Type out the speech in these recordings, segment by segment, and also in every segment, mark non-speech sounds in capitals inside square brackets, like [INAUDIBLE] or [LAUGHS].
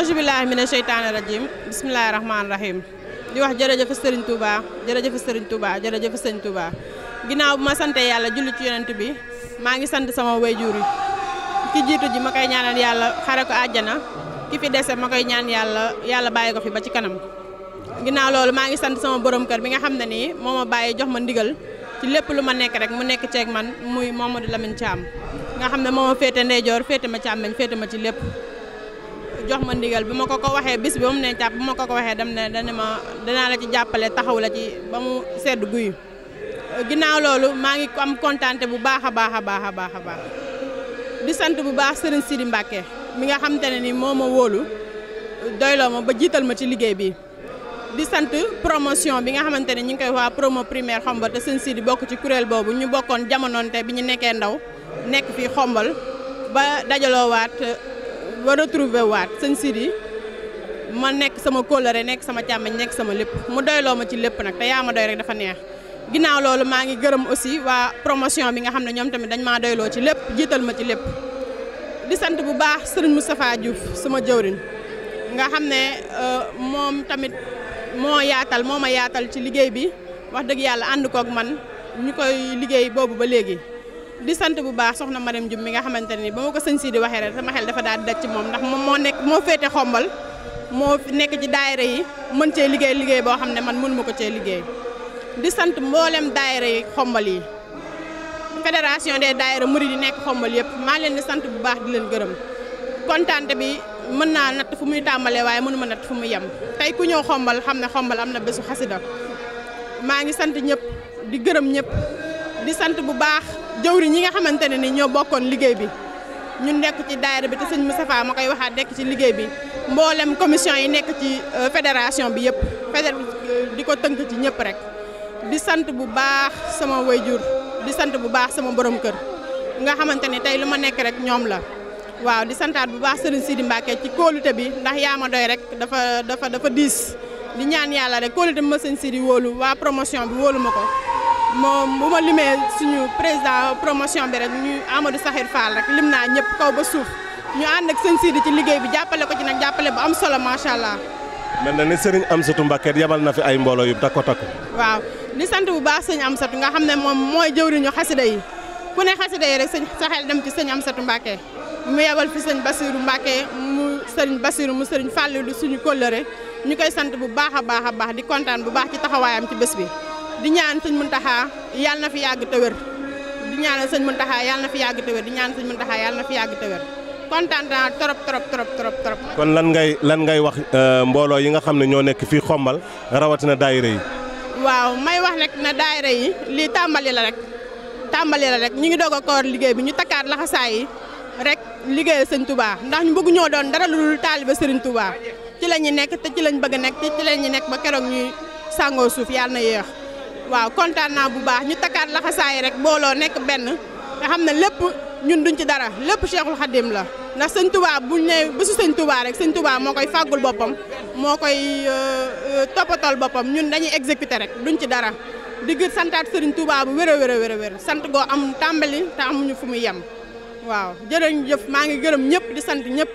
auzu billaahi mina sheytaani rajiim bismillaahi rahmaani rahiim di wax jërëjëf sëriñ Touba jërëjëf sëriñ Touba jërëjëf sëriñ Touba ginnaaw bu ma santee yàlla julli ci yonent bi maa ngi sant sama wayjur yi ki jiitu ji ma koy ñaanal yàlla xare ko àjjana ki fi dese ma koy ñaan yàlla yàlla bàyyi ko fi ba ci kanam ginnaaw loolu maa ngi sant sama borom kër bi nga xam ne nii moo ma bàyyi jox ma ndigal ci lépp lu ma nekk rek mu nekk ceeg man muy Mamadou Lamine Thiam nga xam ne moo ma féete ndeyjoor féete ma càmmeñ féete ma ci lépp jox ma ndigal bi ma ko ko waxee bis bi ba mu ne jàpp bi ma ko ko waxee dem ne dana ma danaa la ci jàppale taxaw la ci ba mu sedd guy ginnaaw loolu maa ngi am kontante bu baax a baax a baax a baax a baax di sant bu baax Serigne Sidi Mbacke mi nga xamante ne ni moo ma wóolu doyloo ma ba jiital ma ci liggéey bi di sant promotion bi nga xamante ne ñu ngi koy waa promo primaire xombal te Serigne Sidi bokk ci kuréel boobu ñu bokkoon bi ñu nekkee ndaw nekk ba retrouver waat sëñ Sidi ma nekk sama kóllëre nekk sama càmmeñ nekk sama lépp mu doyloo ma ci lépp nag te yaa ma doy rek dafa neex ginnaaw loolu maa ngi gërëm aussi waa promotion bi nga xam ne ñoom tamit dañ maa doyloo ci lépp jiital ma ci lépp di sant bu baax sëriñ safaa Diouf sama jëwriñ nga xam ne euh, moom tamit moo yaatal moo ma yaatal ci liggéey bi wax dëgg yàlla ànd koog man ñu koy liggéey boobu ba léegi di sant bu baax soxna Marème Diouf mi nga xamante ni ba ma ko sëñ si di waxee rek sama xel dafa daal di daj ci moom ndax moom moo nekk moo féete xombal moo nekk ci daayira yi mën cee liggéey liggéey boo xam ne man mënuma ko cee liggéey di sant mboolem daayira yi xombal yi fédération de daayira murid yi nekk xombal yëpp maa leen di sant bu baax di leen gërëm kontaante bi mën naa natt fu muy tàmbalee waaye mënuma natt fu muy yem tey ku ñëw xombal xam ne xombal am na bésu xasida maa ngi sant ñëpp di gërëm ñëpp di sant bu baax jëwriñ ñi nga xamante ne ni ñoo bokkoon liggéey bi ñu nekk ci daayira bi te sëñ Moustapha ma koy waxaat nekk ci liggéey bi mboolem commission yi nekk ci euh, fédération bi yëpp fédér euh, di ko tënk ci ñëpp rek di sant bu baax sama wayjur di sant bu baax sama borom kër nga xamante ne tey lu ma nekk rek ñoom la waaw di santaat bu baax Serigne Sidi Mbacke ci kóolute bi ndax yaa ma doy rek dafa dafa dafa diis di ñaan yàlla rek kóolute ma sëñ Sidi wóolu waa promotion bi wóolu ma ko moom bu ma limee suñu président promotion bi rek ñu Amadou Sakhir Fall rek lim naa ñëpp kaw ba suuf ñu ànd ak sëñ Sidi ci liggéey bi jàppale ko ci nag jàppale bu am solo macha allah. mel na ni sëriñ Amsatou Mbacké yabal na fi ay mbooloo yu takko takko. waaw di sant bu baax sëñ Amsatou nga xam ne moom mooy jëwriñu xasida yi ku ne xasida yi rek sëñ sa dem ci sëñ Amsatou Mbacké mu yabal fi sëñ Bassirou Mbacké mu sëriñ Bassirou mu sëriñ Fallou suñu kóllëre ñu koy sant bu baax a baax a baax di kontaan bu baax ci taxawaayam ci bés bi. di ñaan sëñ Muntaxa yàlla na fi yàgg te wér di ñaanal sëñ taxa yàlla na fi yàgg te di ñaan sëñ Muntaxa yàlla na fi yàgg te wér kontaan naa trop kon lan ngay lan ngay wax euh, mbooloo yi nga xam ne ñoo nekk fii xombal rawatina daayira yi. waaw may wax rek na daayira yi lii tàmbali la rek tàmbali la rek ñu ngi doog ko koor liggéey bi ñu takkaat laxasaay yi rek liggéeyal sëñ Touba ndax ñu bëgg ñoo doon dara lu dul taaliba sëriñ Touba ci la ñu nekk te ci lañ bëgg nekk te ci la ñu nekk ba keroog ñuy sàngoo suuf na yéex. waaw kontaan naa bu baax ñu takkaat laxasaay rek booloo nekk benn nga xam ne lépp ñun duñ ci dara lépp Cheikhul Khadim la ndax sëñ Touba buñ ne bésu sëñ Touba rek sëñ Touba moo koy fàggul boppam moo koy euh, euh, toppatool boppam ñun dañuy exécuter rek duñ ci dara di gër santaat sëriñ Touba bu wér a wér a a sant goo am tàmbali te ñu fu muy yem waaw jërëjëf maa ngi gërëm ñëpp di sant ñëpp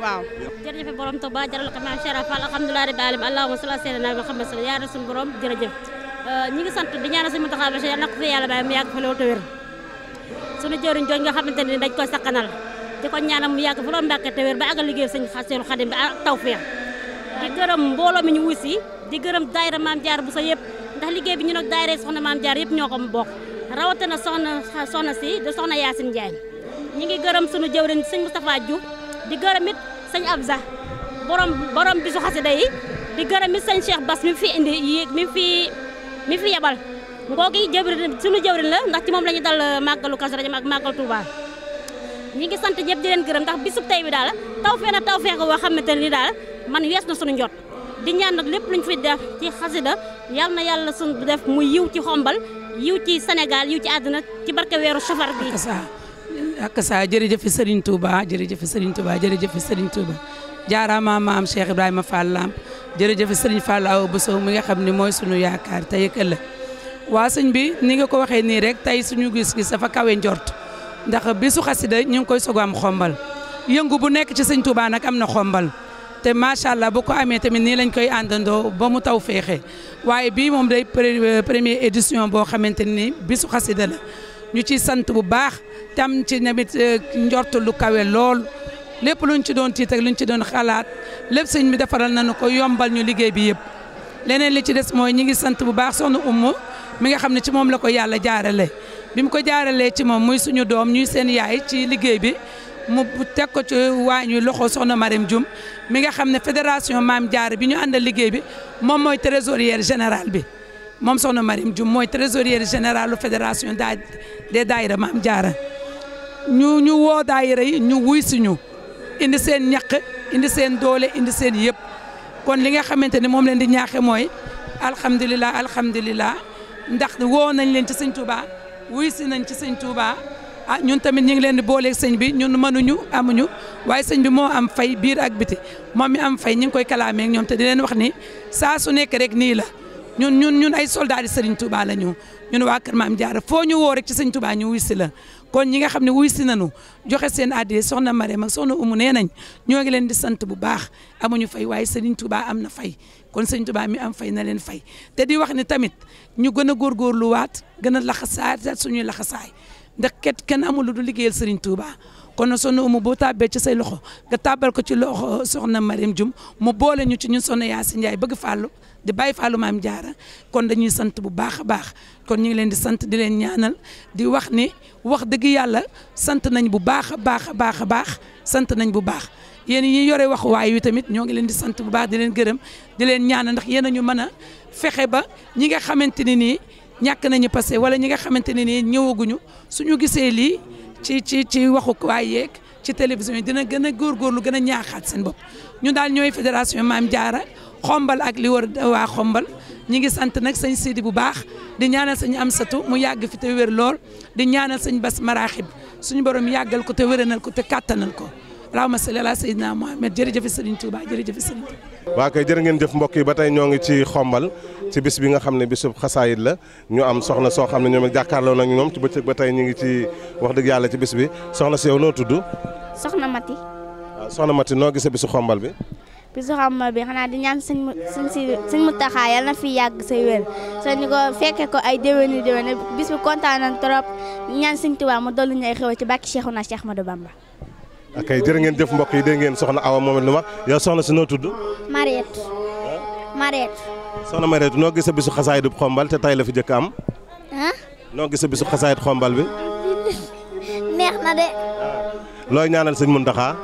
waaw jërëjëf a Touba jërëjëf maam Cheikh Fall a rabbil alamin allahumma salli ala sayyidina Muhammad ya rasul Euh, ñi ngi sant di ñaanal suñu Mountakha Bachir yàlla na ko fi yàlla bàyyi mu yàgg fa loolu te wér suñu jëriñ jooj nga xamante ne di ko ñaanal mu yàgg fa loolu Mbàkke te wér ba àggal liggéey sëñ Seexul Xadim bi ak tawfeex di gërëm mbooloo mi ñu si di gërëm daayira Maam Jaar bu sa yëpp ndax liggéey bi ñu nag daayira soxna Maam Jaar yëpp ñoo ko bokk rawatina soxna soxna si de soxna Yaasin Njaay ñi ngi gërëm suñu jëwriñ sëñ Moustapha Diouf di gërëm it sëñ Abza borom borom bisu xasida yi di gërëm it sëñ Cheikh Bass mi fi indi mi fi mi fi yebal ngoogi jëwriñ sunu jëwriñ la ndax ci moom la ñu dal uh, màggalu Kazu Rajab ak màggal Touba ñi ngi sant ñëpp di leen gërëm ndax bisub tey bi daal taw fee na taw fee ko boo xamante ni daal man wees na suñu njot di ñaan nag lépp luñ fi def ci xasida yal na yàlla suñu def muy yiw ci xombal yiw ci senegal yiw ci àddina ci barke weeru safar bi ak sa jërëjëf Serigne Touba jërëjëf Serigne Touba jërëjëf Serigne Touba jaaraama maam Cheikh Ibrahima Fall Lamp jërëjëf sëriñ Fallou Bousso mi nga xam ni mooy sunu yaakaar tey ak ëllëg waa sëñ bi ni nga ko waxee nii rek tey suñu gis-gis dafa kawe njort ndax bisu xasida ñu ngi koy soog am xombal yëngu bu nekk ci sëñ Touba nag am na xombal te macha allah bu ko amee tamit nii lañ koy àndandoo ba mu taw féexee waaye bii moom day euh, première édition boo xamante ni bisu xasida la ñu ci sant bu baax tam ci namit euh, njort lu kawe lool. lépp luñ ci doon tiit ak luñ ci doon xalaat lépp sëñ bi defaral nañu ko yombal ñu liggéey bi yëpp leneen li ci des mooy ñi ngi sant bu baax soxna Umu mi nga xam ne ci moom la ko yàlla jaarale bi mu ko jaaralee ci moom muy suñu doom ñuy seen yaay ci liggéey bi mu teg ko ci waañu loxo soxna Marème Dioum mi nga xam ne fédération Maam Jaara bi ñu àndal liggéey bi moom mooy trésorière générale bi moom soxna Marème Dioum mooy trésorière générale fédération des daayira Maam Jaara ñu ñu woo daayira yi ñu wuy si ñu indi seen ñaq indi seen doole indi seen yëpp kon li nga xamante ne moom leen di ñaaxe mooy alhamdulilah alhamdulilah ndax woo nañ leen ci sëñ Touba wuy si nañ ci sëñ Touba ah ñun tamit ñu ngi leen di booleeg sëñ bi ñun mënuñu amuñu waaye sëñ bi moo am fay biir ak biti moom mi am fay ñu ngi koy kalaamee ak ñoom te di leen wax ni saa su nekk rek nii la ñun ñun ñun ay soldats yi sëriñ la ñu. ñun waa Kër Maam Jaara foo ñu woo rek ci sëñ Tuubaa ñu wuy si la kon ñi nga xam ne wuy si nañu joxe seen addiya soxna Marème ak soxna Umu nee nañ ñoo ngi leen di sant bu baax amuñu fay waaye sëriñ Tuubaa am na fay kon sëñ Tuubaa mi am fay na leen fay te di wax ni tamit ñu gën a góorgóorluwaat gën a laxasaay suñuy laxasaay ndax ket kenn amul lu du liggéeyal sëriñ Tuubaa kon sunu umu bu tàbbee ci say loxo nga tàbbal ko ci loxo soxna Mariam Jum mu boole ñu ci ñun soxna Yaasin Njaay bëgg fàllu di bàyyi fàllu maam jaara kon dañuy sant bu baax a baax kon ñu ngi leen di sant di leen ñaanal di wax ni wax dëgg yàlla sant nañ bu baax a baax a baax a baax sant nañ bu baax yéen ñi yore wax waay tamit ñoo ngi leen di sant bu baax di leen gërëm di leen ñaanal ndax yéen a mën a fexe ba ñi nga xamante ne nii ñàkk nañu passé wala ñi nga xamante ne nii ñëwaguñu gisee lii ci ci ci waxu waay yeeg ci télévision yi dina gën a lu gën a ñaaxaat seen bopp ñu daal ñooy fédération Maam Jaara xombal ak li war waa xombal ñi ngi sant nag sëñ Sidi bu baax di ñaanal sëñ Amsatu mu yàgg fi te wer lool di ñaanal sëñ Bas Maraaxib suñu borom yàggal ko te wéranal ko te kàttanal ko allahumma salli ala sayyidina Muhammad jërëjëf Sëriñ Tuubaa jafe Sëriñ Tuubaa waa kay jër ngeen jëf mbokk yi ba tey ñoo ngi ci xombal ci bis bi nga xam ne bisub xasaayit la ñu am soxna soo xam ne ñoom it jàkkaarloo nag ñoom ci bëccëg ba tey ñu ngi ci wax dëgg yàlla ci bis bi soxna si yow noo tudd. soxna Mati. waaw soxna Mati noo gisee bisu xombal bi. bisu xombal bi xanaa di ñaan suñ si mu Muntaxa yal na fi yàgg say wér soo ñu ko fekkee ko ay déwénu déwén bis bi kontaan nañ trop ñaan suñ Tuubaa mu dolli ñu ay xew ci bàkki Seexuna Seex Ahmadu Bamba ak kay ngeen jëf mbokk yi dégg ngeen soxna Awa Mohamed Loumar yow soxna si noo tudd. Mariette. Mariette. soxna Mariette noo gis sa bisu xasaayid bu xombal la fi jëkk am. ah. noo gis sa xombal bi. [LAUGHS] neex na de. Ah. looy ñaanal sëñ Muntaxa.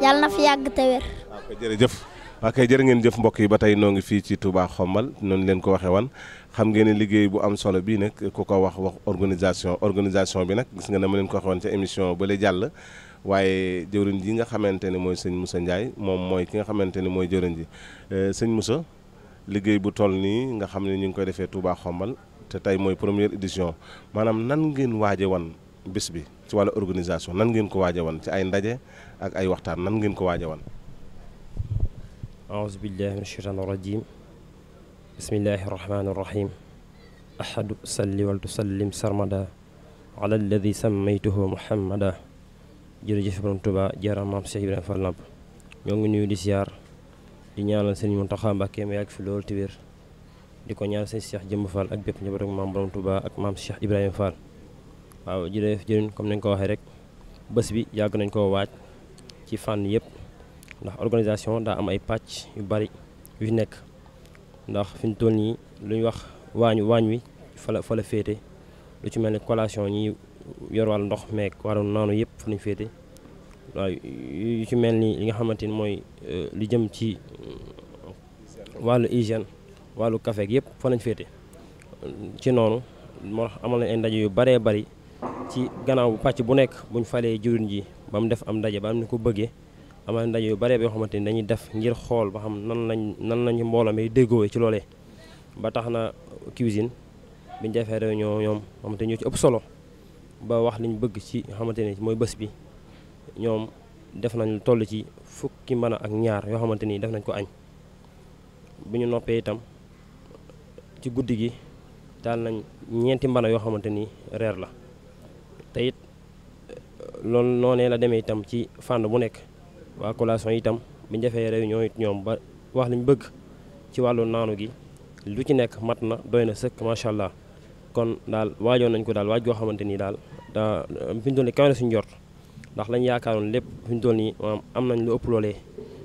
yàlla na fi yàgg te wér. waaw jërëjëf. waaw kay ngeen jëf mbokk yi ba tey noo ngi fii ci Touba xombal noonu leen ko waxee wan xam ngeen ne liggéey bu am solo bii nag ku ko wax wax organisation organisation bi nag gis nga ne ma leen ko waxee ca émission ba lay jàll waaye jëwriñ ji nga xamante ne mooy sëñ Moussa Ndiaye moom mooy ki nga xamante ne mooy jëwriñ ji euh, sëñ Moussa liggéey bu toll nii nga xam ne ñu ngi koy defee Touba Xombal te tey mooy première édition maanaam nan ngeen waaje wan bis bi ci wàllu organisation nan ngeen ko waaje wan ci ay ndaje ak ay waxtaan nan ngeen ko waaje wan aouzu billahi min asheytaan irajim bismillahi irrahmani irrahim ahadu salli wal tusallim sarmada ala alladi sammaytuhu muhammada jërëjëf borom Touba jaaraam maam Cheikh Ibrahima Fall ñoo ngi nuyu di siyaar di ñaanal sëñ Mountakha Mbacké keme yàgg fi loolu te di ko ñaanal sëñ Cheikh Jëmb Fall ak bépp njaboot ak maam borom Touba ak maam Cheikh Ibrahima Fall waaw jërëjëf jërëjëf comme nañ ko waxee rek bés bi yàgg nañ ko waaj ci fànn yëpp ndax organisation daa am ay pàcc yu bari yu fi nekk ndax fi ñu toll nii lu ñu wax waañ waañ wi fa la fa la féete lu ci mel ni collation ñi yor wàllu ndox meeg wàllu naanu yëpp fa lañ féete waaw yu ci mel ni li nga xamante ni mooy euh, li jëm ci euh, wàllu hygiène wàllu café ak yëpp fa féete ci noonu moo amal nañ ay ndaje yu baree bari ci gannaaw pàcc bu nekk buñ falee juriñ ji ba mu def am ndaje ba am ni ko bëggee amal ndaje yu baree yoo xamante ni dañuy def ngir xool ba xam nan lañ nan lañu mbooloo mi déggoo ci loole ba tax na cuisine biñ defee réunion ñoom xamante ñoo ci ëpp solo ba wax liñ bëgg ci xamante ne mooy bés bi ñoom def nañ toll ci fukki mën ak ñaar yoo xamante ni def nañ ko añ bu ñu noppee itam ci guddi gi taal nañ ñeenti mbana yoo xamante ni reer la te it loolu noonee la demee itam ci fànn bu nekk waa collation itam biñ defee réunion it ñoom ba wax liñ bëgg ci wàllu naanu gi lu ci nekk mat na doy na sëkk macha allah. kon daal waajoon nañ ko daal waaj goo xamante nii daal da fi ñu toll nii kawe na suñu jort ndax lañ yaakaaroon lépp fi ñu toll nii am nañ lu ëpp loolee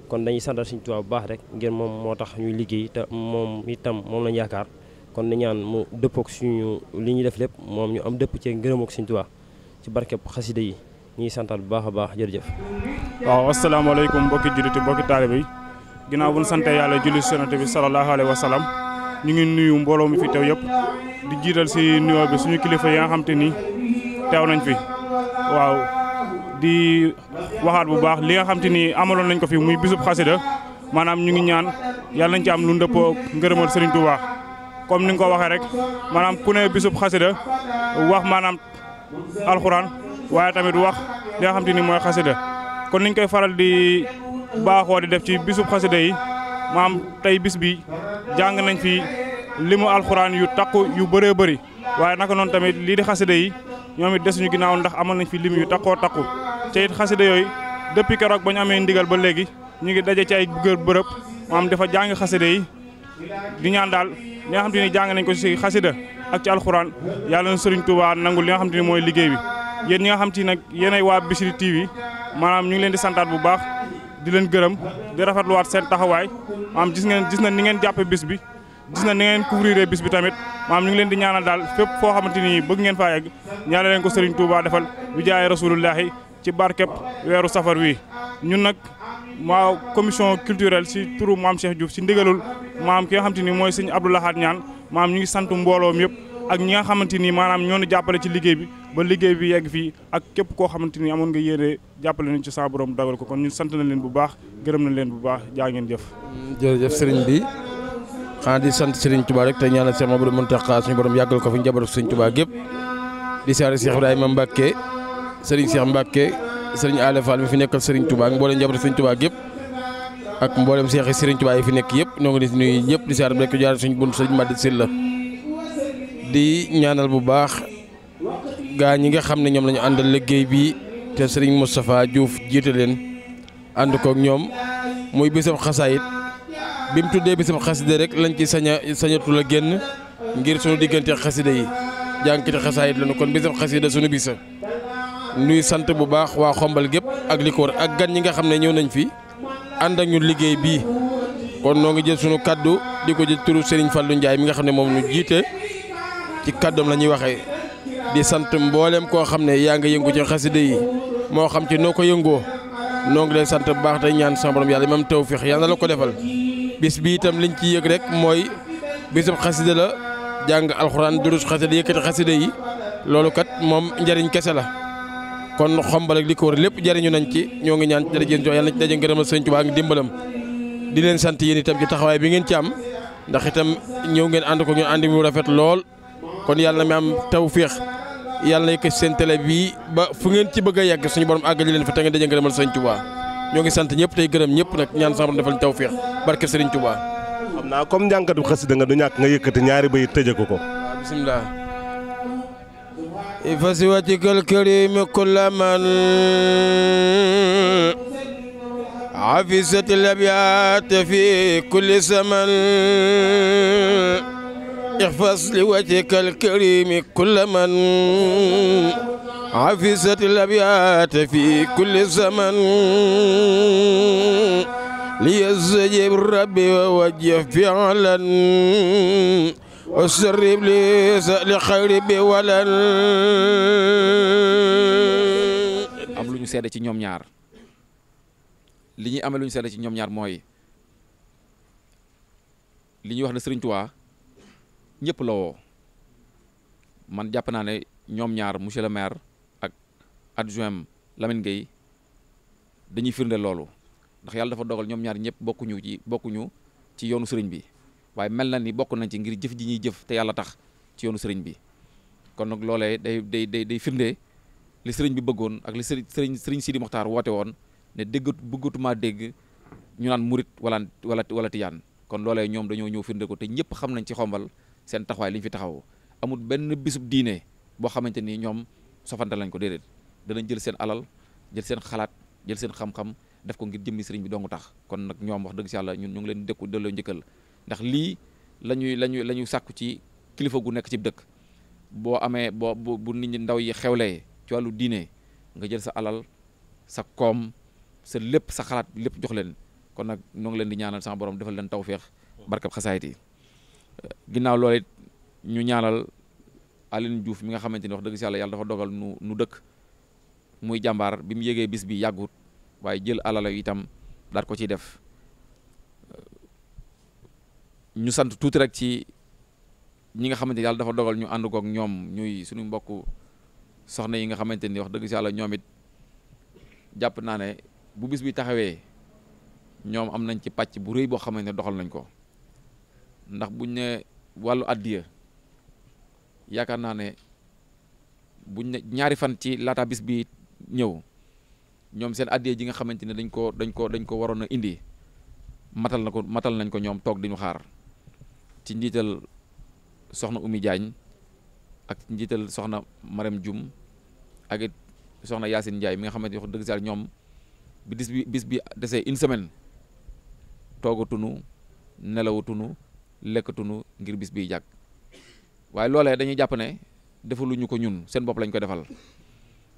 kon dañuy santal suñu Tuubaa bu baax rek ngir moom moo tax ñuy liggéey te moom itam moom lañ yaakaar kon ni ñaan mu dëppook suñu li ñu def lépp moom ñu am dëpp ci ngërëm ak suñu Tuubaa ci barkeb xasida yi ñuy santal bu baax a baax jërëjëf waaw asalaamaaleykum mbokki julliti mbokki taalibe yi ginnaaw bu ñu sante yàlla julli sonate bi ñu ngi nuyu mbooloo mi fi teew yëpp di jiital si nuyoo bi suñu kilifa yi nga xam te ni teew nañ fi waaw di waxaat bu baax li nga xam ni amaloon nañ ko fi muy bisub xasida maanaam ñu ngi ñaan yàlla nañ ci am lu ndëppoo ngërëmal Sëriñ Tuubaa comme ni nga ko waxee rek maanaam ku ne bisub xasida wax maanaam alxuraan waaye tamit wax li nga xam te ni mooy xasida kon niñ koy faral di baaxoo di def ci bisub xasida yi maam tey bis bi jàng nañ fi limu alxuraan yu takku yu bëree bëri waaye naka noonu tamit lii di xasida yi ñoom it desuñu ginnaaw ndax amal nañ fi limu yu takkoo takku te it xasida yooyu depuis keroog ba ñu amee ndigal ba léegi ñu ngi daje ci ay gër bërëb maam dafa jàng xasida yi di ñaan daal li nga ni jàng nañ ko si xasida ak ci alxuraan yàlla na sëriñ waa nangu li nga xam te mooy liggéey bi yéen ñi nga xam te ni nag yéenay waa Bichri TV maanaam ñu ngi leen di santaat bu baax di leen gërëm di rafetluwaat seen taxawaay maam gis ngeen gis na ni ngeen jàppe bis bi gis na ni ngeen couvrir bis bi tamit maam ñu leen di ñaanal daal fépp foo xamante ni bëgg ngeen faa yegg ñaanal leen ko Serigne Touba defal bi jaay rasulullahi ci barkeb weeru safar wi ñun nag ma commission culturelle si turu maam Cheikh Diouf si ndigalul maam ki nga xamante mooy Serigne Abdou Lahad Niane maam ñu ngi sant mbooloom yëpp ak ñi nga xamante ni maanaam ñoo ñu jàppale ci liggéey bi ba liggéey bi yegg fii ak képp koo xamante ni amoon nga yéene jàppale nañ ci saa borom dagal ko kon ñu sant nañ leen bu baax gërëm nañ leen bu baax jaa ngeen jëf. jërëjëf sëriñ bi xanaa di sant sëriñ tubaa rek te ñaanal Cheikh Mamadou Mountakha suñu borom yàggal ko fi njabootu sëriñ tubaa gépp di siyaare Cheikh Ibrahima Mbacke sëriñ seex Mbacke sëriñ Alé Fall mi fi nekkal sëriñ Touba ak mboolem njabootu sëriñ Touba gépp ak mboolem seexi sëriñ Touba nekk yëpp ñoo ngi di nuyu ñëpp di siyaare rek jaar suñu bunt sëriñ di ñaanal bu baax gaa ñi nga xam ne ñoom lañu ñu àndal liggéey bii te sëriñ Moustapha Diouf jiite leen ànd kook ñoom muy bisab xasaayit bi mu tuddee bisab xaside rek lañ ci saña sañatul a génn ngir sunu diggante xaside yi jànkiti xasaayit lañu kon bisab xaside sunu bisa nuy sant bu baax waa xombal gépp ak li ko ak gan ñi nga xam ne ñëw nañ fi ànd ak ñu liggéey bii kon noo ngi jël sunu kàddu di ko jël turu Serigne Fallou Ndiaye mi nga xam ne moom ñu jiite ci kàddoom la ñuy waxee di sant mboolem koo xam ne yaa ngi yëngu ci xasida yi moo xam ci noo ko yëngoo noo ngi lay sant bu baax tey ñaan sama borom yàlla moom tawfiix yàlla na la ko defal bis bi itam liñ ci yëg rek mooy bisub xasida la jàng alxuraan durus xasida yëkkati xasida yi loolu kat moom njariñ kese la kon xombal ak li ko lépp jariñu nañ ci ñoo ngi ñaan jeen jox yàlla nañ ci daje ngërëmal sëñ Tuubaa ngi dimbalam di leen sant yéen itam ci taxawaay bi ngeen ci am ndax itam ñëw ngeen ànd ko àndi mu rafet lool kon yàlla na mi am tawféex yàlla na yëkk seen télé bi ba fu ngeen ci bëgg a yegg suñu borom àggali leen fa te ngeen daje ngërëmal sëriñ Touba ñoo ngi sant ñëpp tey gërëm ñëpp nag ñaan sama borom defal ñu tawféex barke sëriñ Touba. xam naa comme njàngkatu xasida nga du ñàkk nga yëkkati ñaari bay tëjee ko ko. bisimilah. fasiwatikal karimi kulla man afisat al abyat fi kulli zaman احفظ لوجهك الكريم كل من عفزت الأبيات في كل زمن ليستجيب ربي ووجه فعلا وسر إبليس لخير بولا am lu ñu seede ci ñoom ñaar li ñuy amee lu ñu seede ci ñoom ñaar mooy li ñuy wax ne Sëriñ Tuubaa ñëpp la man jàpp naa ne ñoom ñaar monsieur le maire ak adjoint Lamine Gueye dañuy firnde loolu ndax yàlla dafa dogal ñoom ñaar ñëpp bokkuñu ci bokkuñu ci yoonu sëriñ bi waaye mel na ni bokk nañ ci ngir jëf ji ñuy jëf te yàlla tax ci yoonu sëriñ bi kon nag loolee day day day day firnde li sëriñ bi bëggoon ak li sëriñ sëriñ Sidi Mokhtar woote woon ne déggat bëggatuma dégg ñu naan murit wala wala wala tijaan kon loolee ñoom dañoo ñëw firnde ko te ñëpp xam nañ ci xombal seen taxawaay liñ fi taxaw amul benn bisub diine boo xamante ni ñoom sofante lañ ko déedéet danañ jël seen alal jël seen xalaat jël seen xam-xam def ko ngir jëmmi sëriñ bi dongu tax kon nag ñoom wax dëgg si yàlla ñun ñu ngi leen dëkku delloo njëkkal ndax lii la ñuy la ñuy sàkku ci kilifa gu nekk ci dëkk boo amee boo bu nit ñi ndaw yi xewlee ci wàllu diine nga jël sa alal sa koom sa lépp sa xalaat lépp jox leen kon nag ñoo ngi leen di ñaanal sama borom defal leen tawféex barkab xasaayit yi ginnaaw loolu it ñu ñaalal Aline juuf mi nga xamante ni wax dëgg si yàlla yàlla dafa dogal nu nu dëkk muy jàmbaar bi mu yégee bis bi yàggut waaye jël alala itam daat ko ci def ñu sant tuuti rek ci ñi nga xamante ni yàlla dafa dogal ñu ànd ak ñoom ñuy suñu mbokk soxna yi nga xamante ni wax dëgg si yàlla ñoom it jàpp naa ne bu bis bi taxawee ñoom am nañ ci pàcc bu rëy boo xamante ne doxal nañ ko ndax buñ ne wàllu addiya yaakaar naa ne buñ ne ñaari fan ci laata bis bi ñëw ñoom seen addiya ji nga xamante ne dañ ko dañ ko dañ ko waroon a indi matal na ko matal nañ ko ñoom toog di ñu xaar ci njiital soxna Oumy Diagne ak ci njiital soxna Marème Dioum agit it soxna Yacine Ndiaye mi nga xamante ne wax dëgg saa ñoom bi bis bi bis bi desee une semaine toogatunu nelawutunu lekkatunu ngir bis bi jàkk waaye loole dañuy jàpp ne defaluñu ko ñun seen bopp lañ ko defal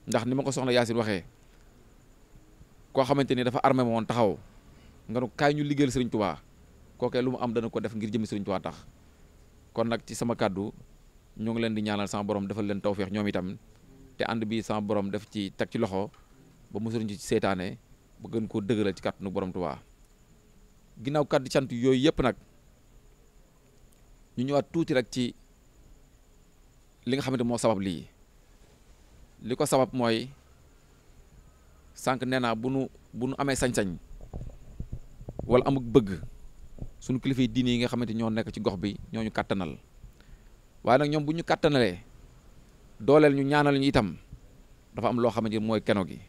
ndax ni ma ko soxna Yaasin waxee koo xamante ni dafa armé woon taxaw nga nu kaay ñu liggéeyal Sëriñ Tubaa kookee lu mu am dana ko def ngir jëmi Sëriñ Tubaa tax kon nag ci sama kàddu ñoo ngi leen di ñaanal sama borom defal leen tawféex ñoom itam te ànd bii sama borom def ci teg ci loxo ba mosuñu ci seetaane ba gën koo dëgëral ci kàttanu borom Tubaa ginnaaw kàddu cant yooyu yëpp nag. ñu ñëwaat tuuti rek ci li nga xamante moo sabab lii li ko sabab mooy sànq nee naa bu nu bu nu amee sañ-sañ wala amuk bëgg suñu kilifa yi diine yi nga xamante ñoo nekk ci gox bi ñoo ñu kàttanal waaye nag ñoom bu ñu kàttanalee dooleel ñu ñaanal ñu itam dafa am loo xamante ni mooy keno gi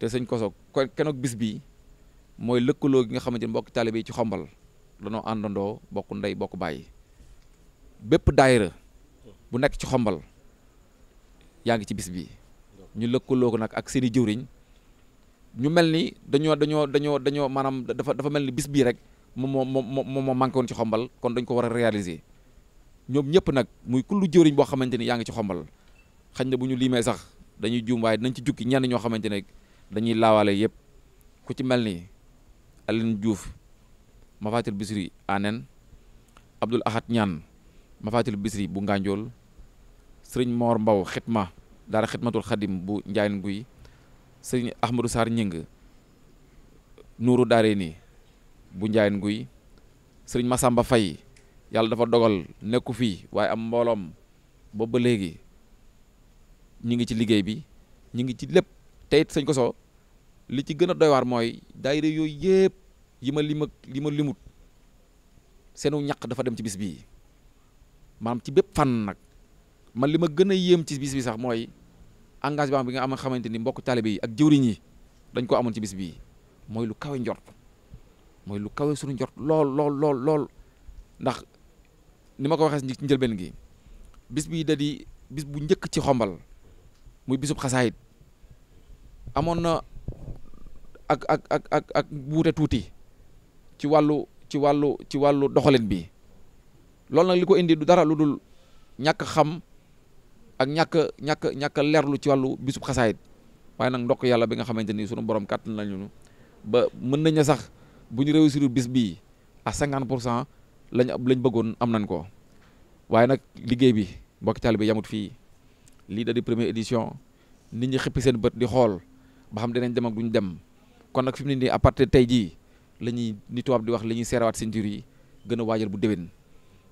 te sëñ Koso kenoog bis bi mooy lëkkaloo gi nga xamante ni mbokk taalibe yi ci xombal danoo àndandoo bokk ndey bokk bàyyi bépp daayira bu nekk ci xombal yaa ngi ci bis bi ñu lëkkaloo ko nag ak seeni i jëwriñ ñu mel ni dañoo dañoo dañoo dañoo maanaam dafa dafa mel ni bis bii rek moom moo moo manqué ci xombal kon dañ ko war a réaliser ñoom ñëpp nag muy kullu jëwriñ boo xamante ni yaa ngi ci xombal xañ na bu ñu liimee sax dañuy juum waaye dinañ ci jukki ñenn ñoo xamante ne dañuy laawaale yëpp ku ci mel ni Aline Diouf Mafatil Bisri anen Abdoul Ahad Ñaan Mafatil Bisri bu Ngànjool sëriñ moor Mbaw xitma daara xitmatul xadim bu Njaayin Guy sëriñ Ahmadou Sarr Ñing Nuuru Daarayni bu Njaayin Guy sëriñ Masamba Fay yàlla dafa dogal nekku fii waaye am mbooloom boobu ba léegi ñu ngi ci liggéey bi ñu ngi ci lépp tey it ko Koso li ci gën a doy waar mooy daayira yooyu yëpp yi ma lim ak ma limut seenu ñaq dafa dem ci bis bii maanaam ci bépp fànn nag man li ma gën a yéem ci bis bi sax mooy engagement bi nga am xamante ni mbokk taalibe yi ak jëwriñ yi dañ ko amoon ci bis bii mooy lu kawe njort mooy lu kawe suñu njot lool lool lool lool ndax ni ma ko waxee ci njëlbeen gi bis bii da di bis bu njëkk ci xombal muy bisub xasaayit amoon na ak ak ak ak ak wuute tuuti ci wàllu ci wàllu ci wàllu doxalin bi loolu nag li ko indi du dara lu dul ñàkk xam ak ñàkk ñàkk ñàkk leerlu ci wàllu bisub xasaayit waaye nag ndokk yàlla bi nga xamante ni sunu borom kàttan nañu ba mën nañ sax bu ñu réussir bis bii à cinquante pour cent lañ lañ bëggoon am nañ ko waaye nag liggéey bi mbokki taalibe bi yamut fii lii da di première édition nit ñi xippi seen bët di xool ba xam dinañ dem ak duñ dem kon nag fi mu ne nii à partir tey jii la ñuy ni tubaab di wax la ñuy seerawaat ceinture yi gën a waajal bu déwén.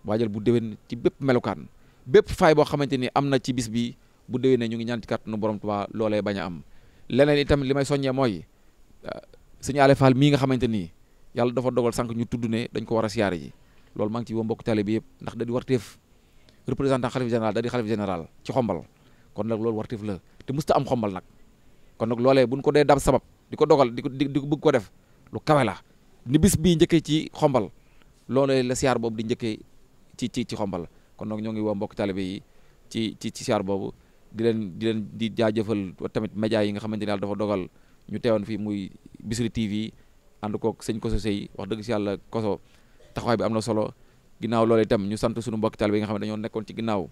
waajal bu déwén ci bépp melukaan bépp faay boo xamante ni am na ci bis bi bu déwénee ñu ngi ñaan ci kàttanu borom Tuubaa loolee bañ a am leneen itam li may soññee mooy euh, sëñ Alé mii nga xamante ni yàlla dafa dogal sànq ñu tudd ne dañ ko war a siyaare ji loolu maa ngi ci woo mbokk tali bi yëpp ndax da di warteef représentant xalif général da di xalif général ci xombal kon nag loolu warteef la te am xombal nag kon nag loolee buñ ko dee dam sabab di ko dogal di ko ko bëgg ko def lu kawe la ni bis bii njëkkee ci xombal loolee la siyaar boobu di njëkkee ci ci ci xombal kon nag ñoo ngi woo mbokk taalibe yi ci ci ci siyaar boobu di leen di leen di jaajëfal tamit média yi nga xamante ni yàlla dafa dogal ñu teewoon fii muy Bichri TV ànd kook sëñ Koso Sey wax dëgg si yàlla koso taxawaay bi am na solo ginnaaw loolu itam ñu sant sunu mbokk taalibe yi nga xam ne dañoo nekkoon ci ginnaaw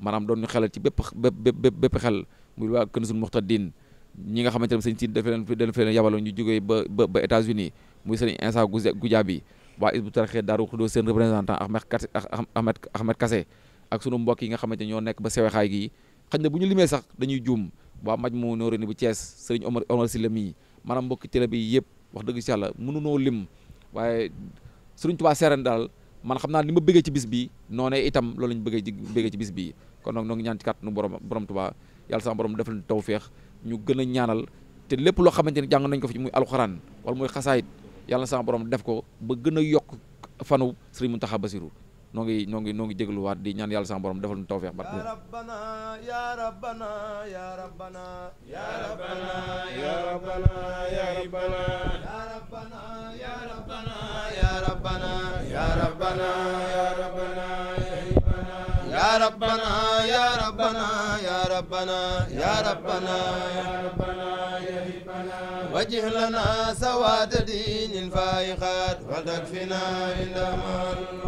maanaam doon ñu xelal ci bépp bépp bépp xel muy waa Kanzul diin ñi nga xamante ne sëñ si dafa leen dafa leen yabaloon ñu jógee ba ba États-Unis muy sëñ Insa Goudiaby waa Hizbut Tarqiyyah Daaru Xudoos seen représentant Ahmed ah, ah, Ahmed Ahmed Kassé ak sunu mbokk yi nga xamante ñoo nekk ba sewexaay gi xëy na bu ñu limee sax dañuy juum waa maj mu nooré ni bu Thiès sëriñ Omar Omar Sylla mi maanaam mbokki télé bi yëpp wax dëgg si yàlla mënunoo lim waaye sëriñ Tuubaa seeren daal man xam naa ni ma bëggee ci bis bi noonee itam loolu lañ bëggee ci bëggee ci bis bi kon nag noo ngi ñaan ci kàttanu borom borom Tuubaa yàlla sama borom defal ñu tawféex ñu gën a ñaanal te lép loo xamante ni jàng nañ ko fi muy alxuraan wala muy xasaayit yàlla na boroom def ko ba gën a yokk fanu Serigne Mountakha Bassirou noo ngi noo ngi noo ngi jégluwaat di ñaan yàlla sama borom defal ñu tawfeex barke ya يا ربنا يا ربنا يا ربنا يا ربنا يا ربنا يا ربنا وجه لنا سواد دين فائقات وتكفنا إلا من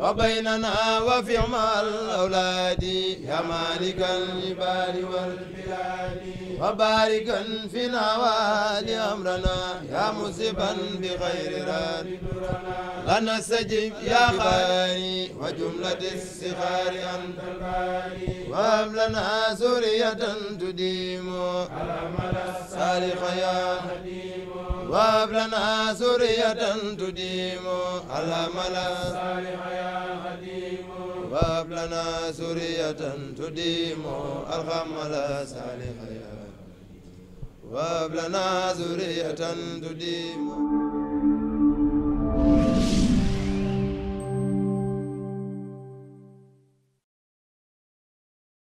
وبيننا وفي عمال الأولاد يا مالك الجبال والبلاد وبارك فينا والي أمرنا يا مصيبا بغير راد لنا سجب يا خيري وجملة السخار أنت الباري وهب لنا سورية تديم الأمل الصالح يا خديم وهب لنا سورية تديم الأمل الصالح يا خديم وهب لنا سورية تديم الخمل الصالح يا وهب لنا ذرية تديم